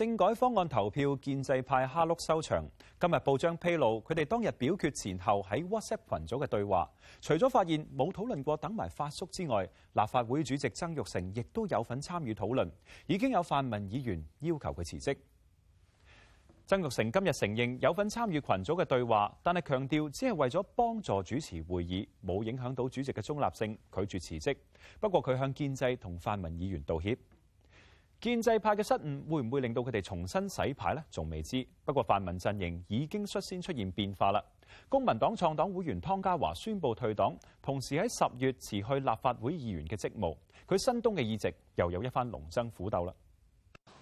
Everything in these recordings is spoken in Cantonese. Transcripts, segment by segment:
政改方案投票建制派哈碌收場。今日報章披露佢哋當日表決前後喺 WhatsApp 群組嘅對話，除咗發現冇討論過等埋發叔之外，立法會主席曾鈺成亦都有份參與討論。已經有泛民議員要求佢辭職。曾鈺成今日承認有份參與群組嘅對話，但係強調只係為咗幫助主持會議，冇影響到主席嘅中立性，拒絕辭職。不過佢向建制同泛民議員道歉。建制派嘅失誤會唔會令到佢哋重新洗牌呢？仲未知。不過泛民陣營已經率先出現變化啦。公民黨創黨會員湯家驊宣布退黨，同時喺十月辭去立法會議員嘅職務。佢新東嘅議席又有一番龍爭虎鬥啦。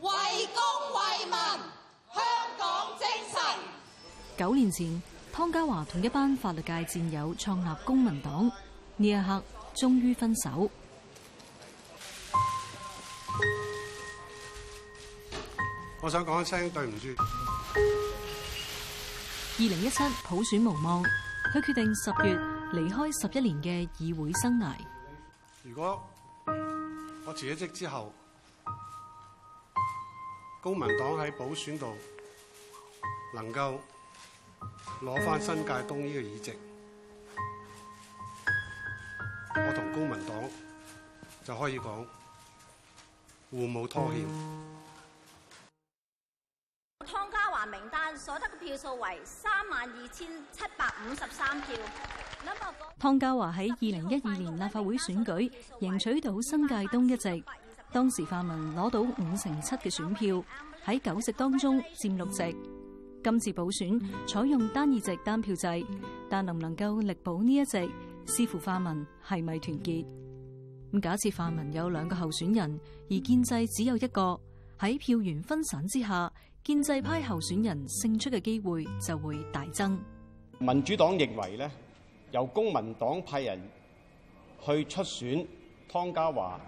為公為民，香港精神。九年前，湯家驊同一班法律界戰友創立公民黨，呢一刻終於分手。我想講一聲對唔住。二零一七普選無望，佢決定十月離開十一年嘅議會生涯。如果我辭咗職之後，公民黨喺補選度能夠攞翻新界東呢個議席，嗯、我同公民黨就可以講互冇拖欠。嗯名單所得嘅票數為三萬二千七百五十三票。湯家驊喺二零一二年立法會選舉贏取到新界東一席，當時泛民攞到五成七嘅選票，喺九席當中佔六席。嗯、今次補選採用單議席單票制，但能唔能夠力保呢一席，視乎泛民係咪團結。咁假設泛民有兩個候選人，而建制只有一個，喺票源分散之下，建制派候選人勝出嘅機會就會大增。民主黨認為咧，由公民黨派人去出選湯家驊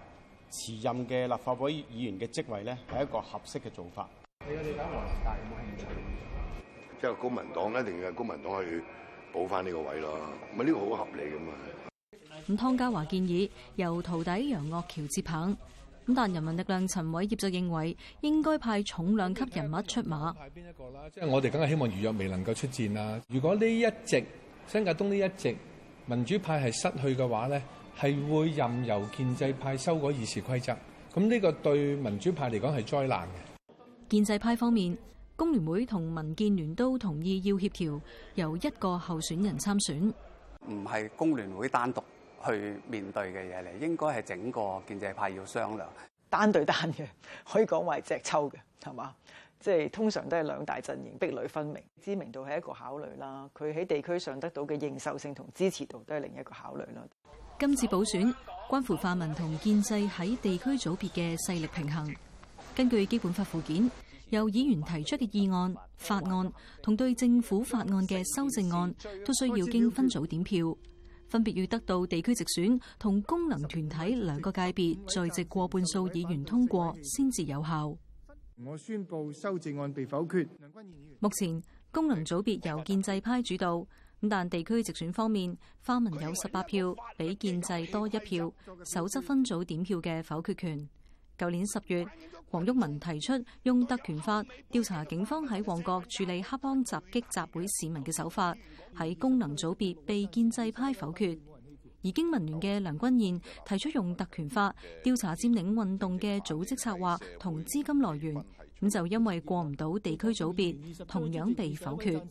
辭任嘅立法會議員嘅職位咧，係一個合適嘅做法。即係公民黨一定要公民黨去補翻呢個位咯，咁呢個好合理噶嘛。咁湯家驊建議由徒弟楊岳橋接棒。但人民力量陳偉業就認為，應該派重量級人物出馬。派邊一個啦？即係我哋梗係希望余若薇能夠出戰啦。如果呢一席新界東呢一席民主派係失去嘅話咧，係會任由建制派修改議事規則。咁呢個對民主派嚟講係災難嘅。建制派方面，工聯會同民建聯都同意要協調，由一個候選人參選，唔係工聯會單獨去面對嘅嘢嚟，應該係整個建制派要商量，單對單嘅，可以講話係隻抽嘅，係嘛？即係通常都係兩大陣營，壁壘分明，知名度係一個考慮啦。佢喺地區上得到嘅認受性同支持度都係另一個考慮啦。今次補選關乎泛民同建制喺地區組別嘅勢力平衡。根據基本法附件，由議員提出嘅議案、法案同對政府法案嘅修正案，都需要經分組點票。分別要得到地區直選同功能團體兩個界別在席過半數議員通過先至有效。我宣布修正案被否決。目前功能組別由建制派主導，咁但地區直選方面，泛民有十八票，比建制多一票，守則分組點票嘅否決權。舊年十月，黃毓民提出用特權法調查警方喺旺角處理黑幫襲擊集會市民嘅手法，喺功能組別被建制派否決。而經民聯嘅梁君彥提出用特權法調查佔領運動嘅組織策、策劃同資金來源，咁就因為過唔到地區組別，同樣被否決。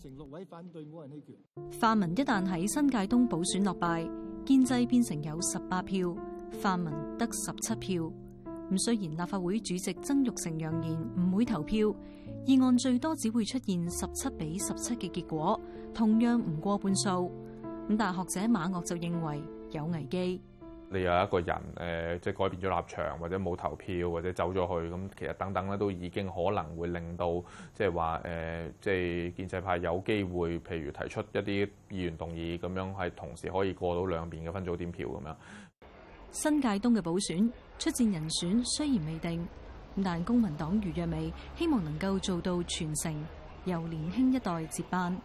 泛民一旦喺新界東補選落敗，建制變成有十八票，泛民得十七票。雖然立法會主席曾鈺成揚言唔會投票，議案最多只會出現十七比十七嘅結果，同樣唔過半數。咁但係學者馬岳就認為有危機。你有一個人，誒、呃，即係改變咗立場，或者冇投票，或者走咗去，咁其實等等咧，都已經可能會令到即係話誒，即係呃，建制派有機會，譬如提出一啲議員動議，咁樣係同時可以過到兩邊嘅分組點票咁樣。新界東嘅補選出戰人選雖然未定，但公民黨余若薇希望能夠做到全城由年輕一代接班。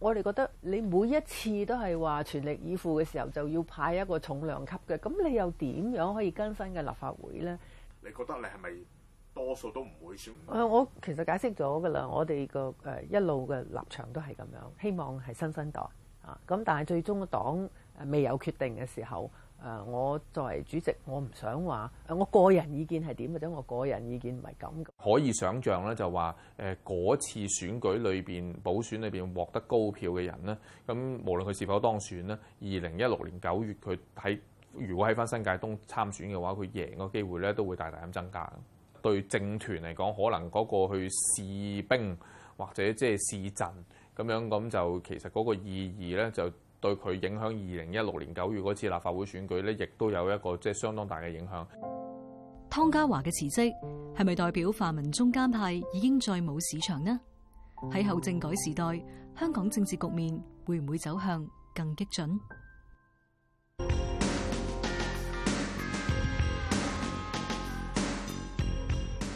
我哋覺得你每一次都係話全力以赴嘅時候，就要派一個重量級嘅，咁你又點樣可以更新嘅立法會咧？你覺得你係咪多數都唔會選？誒，我其實解釋咗噶啦，我哋個誒一路嘅立場都係咁樣，希望係新生代啊。咁但係最終嘅黨誒未有決定嘅時候。誒，我作為主席，我唔想話，誒，我個人意見係點或者我個人意見唔係咁。可以想象咧，就話誒，嗰次選舉裏邊補選裏邊獲得高票嘅人咧，咁無論佢是否當選呢，二零一六年九月佢喺如果喺翻新界東參選嘅話，佢贏嘅機會咧都會大大咁增加。對政團嚟講，可能嗰個去試兵或者即係試陣咁樣咁就其實嗰個意義咧就。對佢影響，二零一六年九月嗰次立法會選舉呢，亦都有一個即係相當大嘅影響。湯家華驊嘅辭職係咪代表泛民中間派已經再冇市場呢？喺後政改時代，香港政治局面會唔會走向更激進？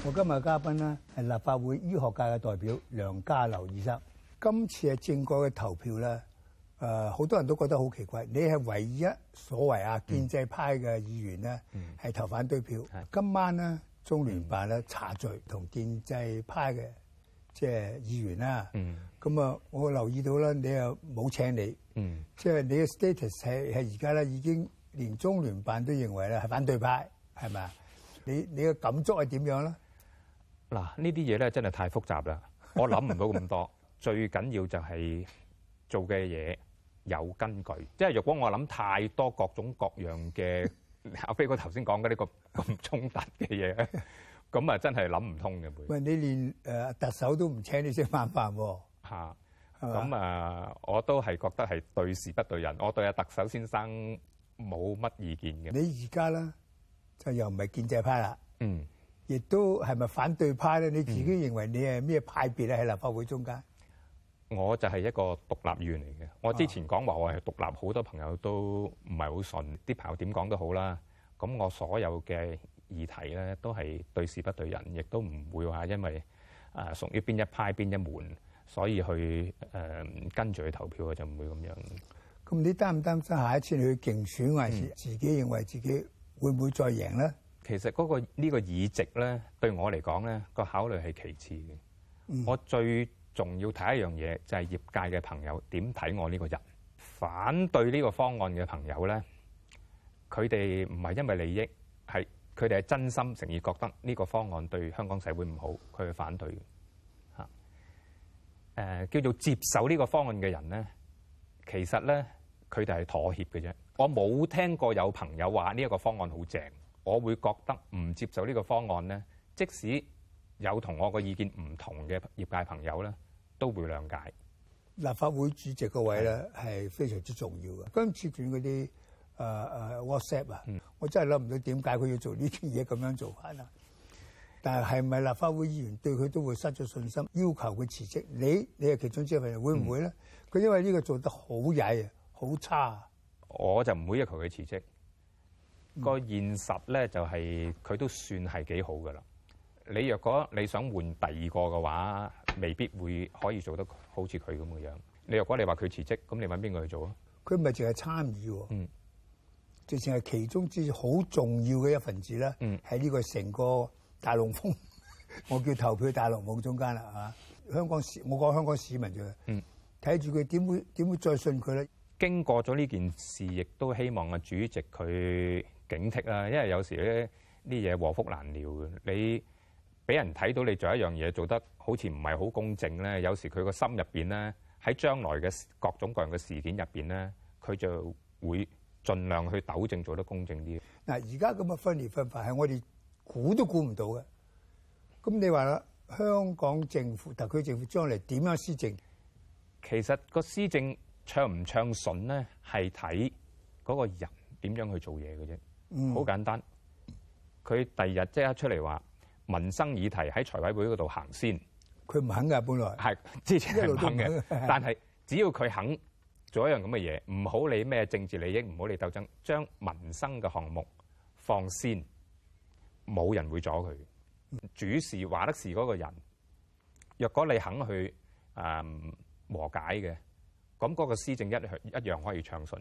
我今日嘅嘉賓呢係立法會醫學界嘅代表梁家騮醫生。今次嘅政改嘅投票呢。誒好、呃、多人都覺得好奇怪，你係唯一所謂啊、嗯、建制派嘅議員咧，係、嗯、投反對票。是今晚咧中聯辦咧茶敘同建制派嘅即係議員啦。咁啊，嗯、我留意到啦，你又冇請你，嗯、即係你嘅 status 係係而家咧已經連中聯辦都認為咧係反對派，係咪啊？你你嘅感觸係點樣咧？嗱，呢啲嘢咧真係太複雜啦，我諗唔到咁多。 最緊要就係做嘅嘢。有根據，即係若果我諗太多各種各樣嘅 阿飛哥頭先講嘅呢個咁衝突嘅嘢咧，咁啊 真係諗唔通嘅會。喂，你連誒特首都唔請你食晚飯喎。嚇，咁啊，我都係覺得係對事不對人，我對阿特首先生冇乜意見嘅。你而家咧就又唔係建制派啦。嗯，亦都係咪反對派咧？你自己認為你係咩派別咧？喺立法會中間。我就係一個獨立員嚟嘅。我之前講話我係獨立，好多朋友都唔係好順。啲朋友點講都好啦。咁我所有嘅議題咧，都係對事不對人，亦都唔會話因為啊屬於邊一派邊一門，所以去誒跟住去投票啊，就唔會咁樣。咁你擔唔擔心下一次你去競選陣時，自己認為自己會唔會再贏咧？其實嗰個呢個議席咧，對我嚟講咧，個考慮係其次嘅。我最仲要睇一樣嘢，就係業界嘅朋友點睇我呢個人。反對呢個方案嘅朋友呢，佢哋唔係因為利益，係佢哋係真心誠意覺得呢個方案對香港社會唔好，佢係反對嘅。嚇，誒叫做接受呢個方案嘅人呢，其實呢，佢哋係妥協嘅啫。我冇聽過有朋友話呢一個方案好正，我會覺得唔接受呢個方案呢，即使。有同我個意見唔同嘅業界朋友咧，都會諒解。立法會主席個位咧係非常之重要嘅。剛截斷嗰啲誒誒 WhatsApp 啊、嗯，我真係諗唔到點解佢要做呢啲嘢咁樣做法啦。但係係咪立法會議員對佢都會失咗信心，要求佢辭、嗯、辭職？你你係其中之一份人，會唔會咧？佢因為呢個做得好曳啊，好差。我就唔會要求佢辭職。個現實咧就係佢都算係幾好㗎啦。你若果你想換第二個嘅話，未必會可以做得好似佢咁嘅樣。你若果你話佢辭職，咁你揾邊個去做啊？佢咪淨係參與喎？嗯，直情係其中之好重要嘅一份子咧。嗯，喺呢個成個大龍鳳，我叫投票大龍鳳中間啦啊！香港市，我講香港市民就嗯睇住佢點會點會再信佢咧？經過咗呢件事，亦都希望啊主席佢警惕啦，因為有時咧呢嘢禍福難料嘅你。俾人睇到你做一樣嘢做得好似唔係好公正咧，有時佢個心入邊咧，喺將來嘅各種各樣嘅事件入邊咧，佢就會盡量去糾正做得公正啲。嗱，而家咁嘅分裂分化係我哋估都估唔到嘅。咁你話啦，香港政府特區政府將嚟點樣施政？其實個施政暢唔暢順咧，係睇嗰個人點樣去做嘢嘅啫，好、嗯、簡單。佢第二日即刻出嚟話。民生議題喺財委會嗰度行先，佢唔肯噶，本來係之前係唔肯嘅，肯但係只要佢肯做一樣咁嘅嘢，唔好理咩政治利益，唔好理鬥爭，將民生嘅項目放先，冇人會阻佢。嗯、主事話得事嗰個人，若果你肯去誒、嗯、和解嘅，咁、那、嗰個施政一一樣可以暢順。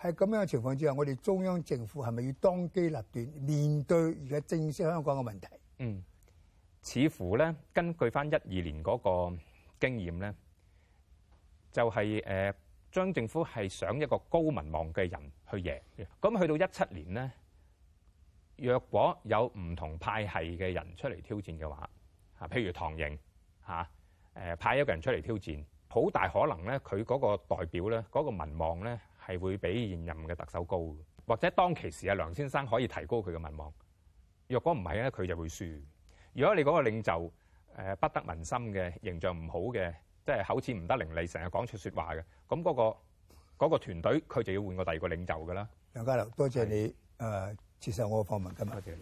喺咁樣嘅情況之下，我哋中央政府係咪要當機立斷，面對而家正視香港嘅問題？嗯，似乎咧，根據翻一二年嗰個經驗咧，就係、是、誒，將、呃、政府係想一個高民望嘅人去贏。咁、嗯、去到一七年咧，若果有唔同派系嘅人出嚟挑戰嘅話，啊，譬如唐英年，誒、啊呃、派一個人出嚟挑戰，好大可能咧，佢嗰個代表咧，嗰、那個民望咧，係會比現任嘅特首高，或者當其時阿梁先生可以提高佢嘅民望。若果唔係咧，佢就會輸。如果你嗰個領袖誒、呃、不得民心嘅形象唔好嘅，即係口齒唔得伶俐，成日講出說話嘅，咁嗰、那個嗰、那個團隊，佢就要換個第二個領袖噶啦。梁家騮，多謝你誒是、呃、接受我嘅訪問今，今日。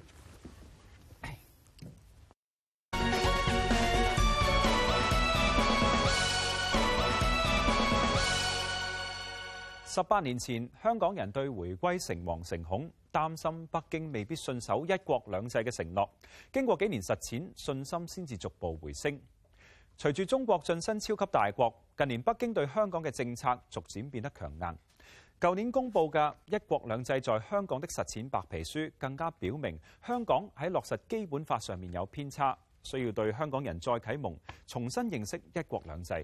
十八年前，香港人對回歸誠惶誠恐，擔心北京未必信守一國兩制嘅承諾。經過幾年實踐，信心先至逐步回升。隨住中國晉身超級大國，近年北京對香港嘅政策逐漸變得強硬。舊年公布嘅《一國兩制在香港的實踐》白皮書，更加表明香港喺落實基本法上面有偏差，需要對香港人再啟蒙，重新認識一國兩制。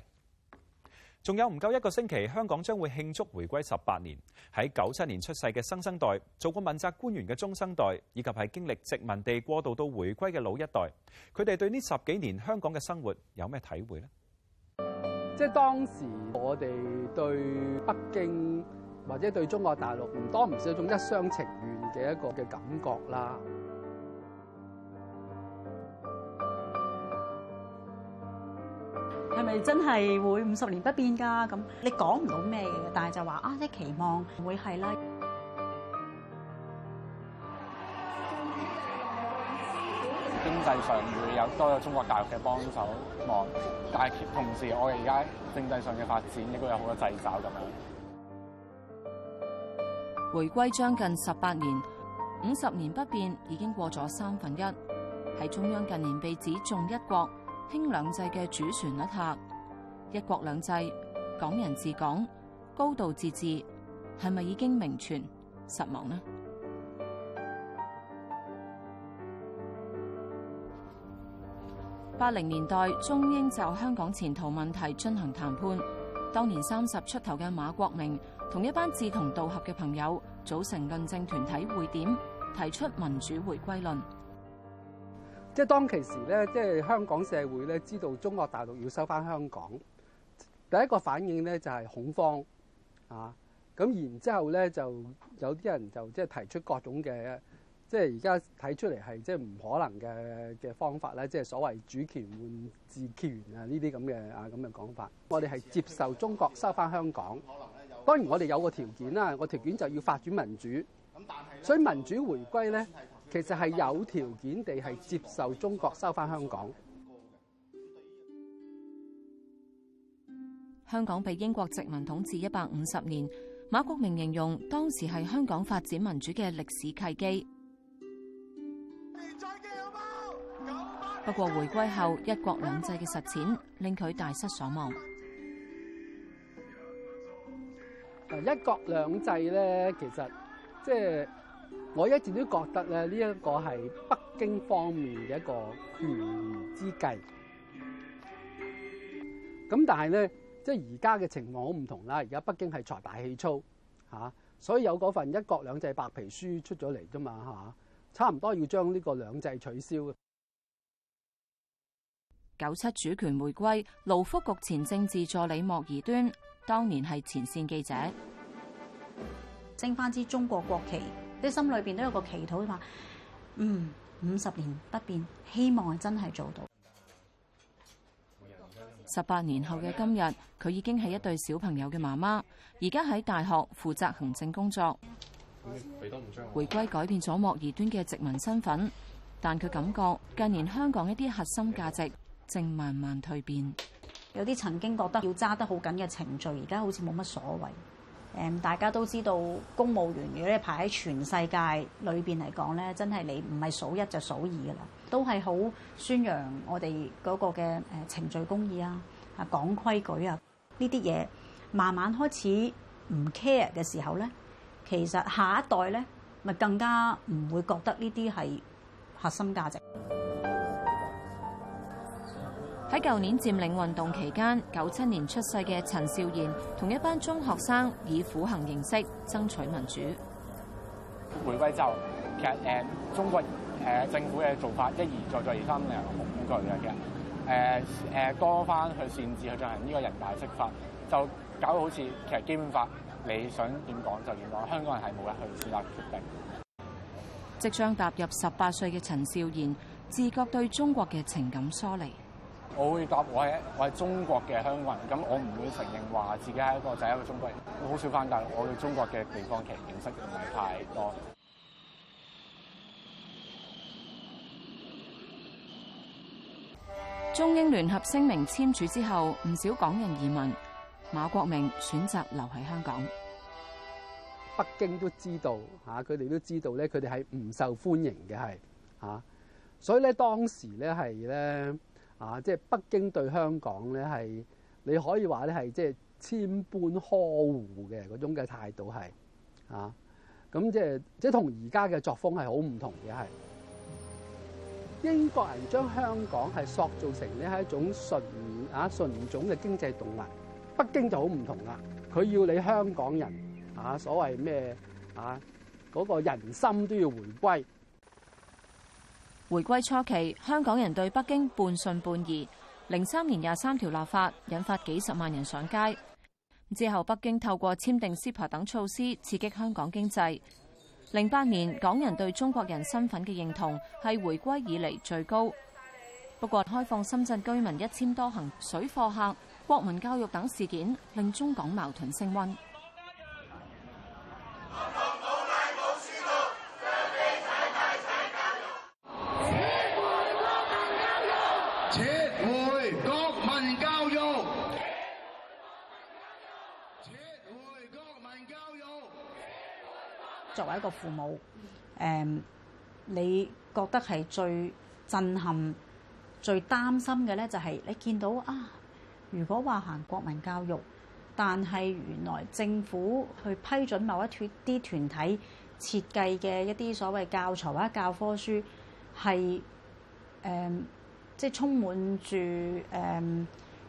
仲有唔夠一個星期，香港將會慶祝回歸十八年。喺九七年出世嘅新生代，做過問責官員嘅中生代，以及喺經歷殖民地過渡到回歸嘅老一代，佢哋對呢十幾年香港嘅生活有咩體會呢？即當時我哋對北京或者對中國大陸，唔多唔少一種一廂情願嘅一個嘅感覺啦。係咪真係會五十年不變噶？咁你講唔到咩嘅，但係就話啊，啲期望會係啦。經濟上會有多有中國大陸嘅幫手，望但係同時我現在，我哋而家經濟上嘅發展應該有好多掣肘咁樣。回歸將近十八年，五十年不變已經過咗三分一，喺中央近年被指重一國。“一國兩制”的主旋律下，“一國兩制、港人治港、高度自治”係咪已經名存實亡呢？八零年代，中英就香港前途問題進行談判。當年三十出頭嘅馬國明，同一班志同道合嘅朋友組成論政團體匯點，提出民主回歸論。即係當其時咧，即係香港社會咧知道中國大陸要收翻香港，第一個反應咧就係恐慌啊！咁然之後咧，就有啲人就即係提出各種嘅，即係而家睇出嚟係即係唔可能嘅嘅方法咧，即係所謂主權換治權啊呢啲咁嘅啊咁嘅講法。我哋係接受中國收翻香港，當然我哋有個條件啦，個條件就要發展民主。咁但係，所以民主回歸咧。其實係有條件地係接受中國收翻香港。香港被英國殖民統治一百五十年，馬國明形容當時係香港發展民主嘅歷史契機。不過，回歸後一國兩制嘅實踐令佢大失所望。誒，一國兩制呢，其實即、就係我一直都覺得咧，呢、這、一個係北京方面嘅一個權宜之計。咁但係呢，即係而家嘅情況好唔同啦。而家北京係財大氣粗，嚇，所以有嗰份《一國兩制白皮書》出咗嚟啫嘛，嚇，差唔多要將呢個兩制取消嘅。九七主權回歸，勞福局前政治助理莫宜端，當年係前線記者，升翻支中國國旗。啲心裏邊都有個祈禱話：嗯，五十年不變，希望真係做到。十八年後嘅今日，佢已經係一對小朋友嘅媽媽，而家喺大學負責行政工作。回歸改變咗莫宜端嘅殖民身份，但佢感覺近年香港一啲核心價值正慢慢蛻變。有啲曾經覺得要揸得好緊嘅程序，而家好似冇乜所謂。大家都知道公務員如果排喺全世界裏邊嚟講呢，真係你唔係數一就數二噶啦，都係好宣揚我哋嗰個嘅程序公義啊，啊講規矩啊，呢啲嘢慢慢開始唔 care 嘅時候呢，其實下一代呢咪更加唔會覺得呢啲係核心價值。喺舊年佔領運動期間，九七年出世嘅陳兆然同一班中學生以苦行形式爭取民主。回歸就，其實誒、呃、中國誒、呃、政府嘅做法一而再再而三令人恐懼嘅，其實誒誒多翻去擅自去進行呢個人大釋法，就搞到好似其實基本法你想點講就點講，香港人係冇得去自立決定。即將踏入十八歲嘅陳兆然，自覺對中國嘅情感疏離。我會答我係我係中國嘅香港人，咁我唔會承認話自己係一個就係、是、一個中國人。我好少翻大陸，我對中國嘅地方其實認識唔係太多。中英聯合聲明簽署之後，唔少港人移民，馬國明選擇留喺香港。北京都知道吓，佢哋都知道咧，佢哋係唔受歡迎嘅，係吓，所以咧當時咧係咧。啊！即係北京對香港咧係，你可以話咧係即係千般呵護嘅嗰種嘅態度係，啊！咁即係即係同而家嘅作風係好唔同嘅係。英國人將香港係塑造成咧係一種純啊純種嘅經濟動物，北京就好唔同啦。佢要你香港人啊，所謂咩啊嗰個人心都要回歸。回歸初期，香港人對北京半信半疑。零三年廿三條立法引發幾十萬人上街，之後北京透過簽訂 CEPA 等措施刺激香港經濟。零八年，港人對中國人身份嘅認同係回歸以嚟，最高。不過開放深圳居民一簽多行、水貨客、國民教育等事件，令中港矛盾升温。一個父母，誒、嗯，你覺得係最震撼、最擔心嘅咧，就係你見到啊，如果話行國民教育，但係原來政府去批准某一脱啲團體設計嘅一啲所謂教材或者教科書係，係、嗯、誒，即係充滿住誒。嗯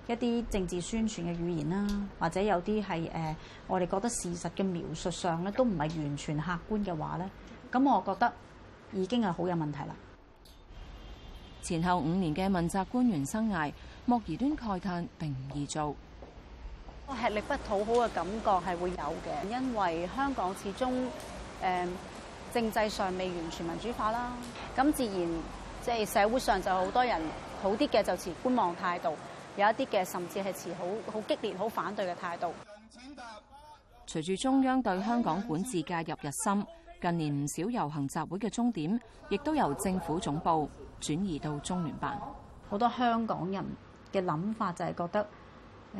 一啲政治宣傳嘅語言啦，或者有啲係誒我哋覺得事實嘅描述上咧都唔係完全客觀嘅話咧，咁我覺得已經係好有問題啦。前後五年嘅問責官員生涯，莫宜端慨嘆並唔易做，我吃力不討好嘅感覺係會有嘅，因為香港始終誒、呃、政制上未完全民主化啦，咁自然即係、就是、社會上就好多人好啲嘅就持觀望態度。有一啲嘅，甚至係持好好激烈、好反對嘅態度。隨住中央對香港管治介入日深，近年唔少遊行集會嘅終點亦都由政府總部轉移到中聯辦。好多香港人嘅諗法就係覺得，誒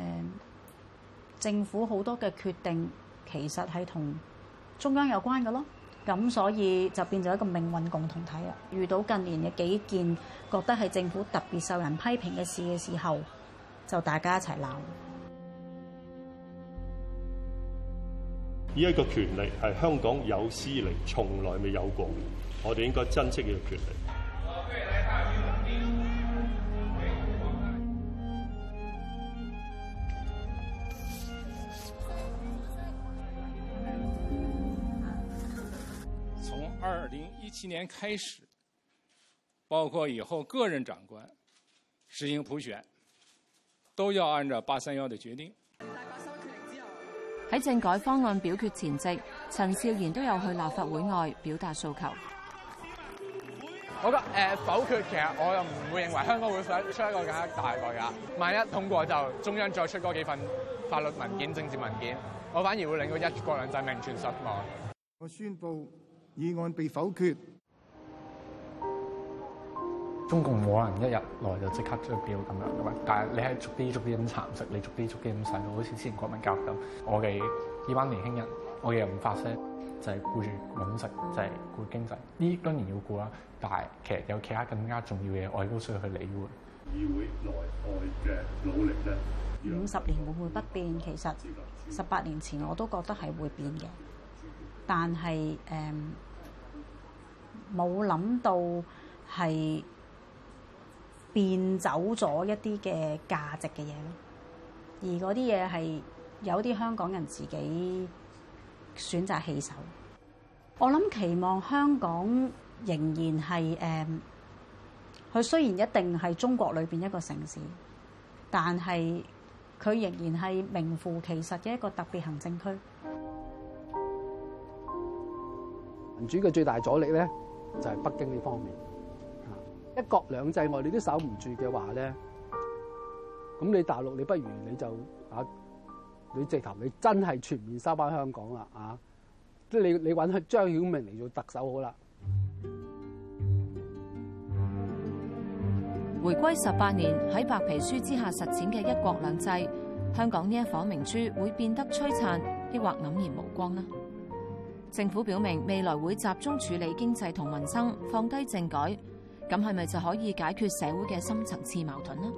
政府好多嘅決定其實係同中央有關嘅咯。咁所以就變咗一個命運共同體啦。遇到近年嘅幾件覺得係政府特別受人批評嘅事嘅時候，就大家一齊鬧。呢一個權利係香港有史以嚟從來未有過，我哋應該珍惜呢個權利。從二零一七年開始，包括以後各任長官實行普選。都要按照八三一的決定。喺政改方案表決前夕，陳兆然都有去立法會外表達訴求。我覺得、呃、否決，其實我又唔會認為香港會想出一個更大嘅代價。萬一通過就中央再出多幾份法律文件、政治文件，我反而會令到一國兩制名存實亡。我宣布議案被否決。中共冇可能一日來就即刻將佢變到咁樣嘅嘛。但係你係逐啲逐啲咁蠶食，你逐啲逐啲咁細路，好似之前國民教育咁。我哋呢班年輕人，我哋又唔發聲，就係、是、顧住搵食，就係、是、顧經濟。呢當然要顧啦，但係其實有其他更加重要嘅，我都需要去理會議會內外嘅努力咧。五十年會唔會不變？其實十八年前我都覺得係會變嘅，但係誒冇諗到係。變走咗一啲嘅價值嘅嘢咯，而嗰啲嘢係有啲香港人自己選擇棄守。我諗期望香港仍然係誒，佢、嗯、雖然一定係中國裏面一個城市，但係佢仍然係名副其實嘅一個特別行政區。民主嘅最大阻力咧，就係、係、北京呢方面。一國兩制，我哋都守唔住嘅話咧，咁你大陸，你不如你就啊，你直頭你真係全面收翻香港啦啊！即係你，你揾張曉明嚟做特首好啦。回歸十八年喺白皮書之下實踐嘅一國兩制，香港呢一顆明珠會變得璀璨，抑或黯然無光呢？政府表明未來會集中處理經濟同民生，放低政改。咁係咪就可以解決社會嘅深層次矛盾呢？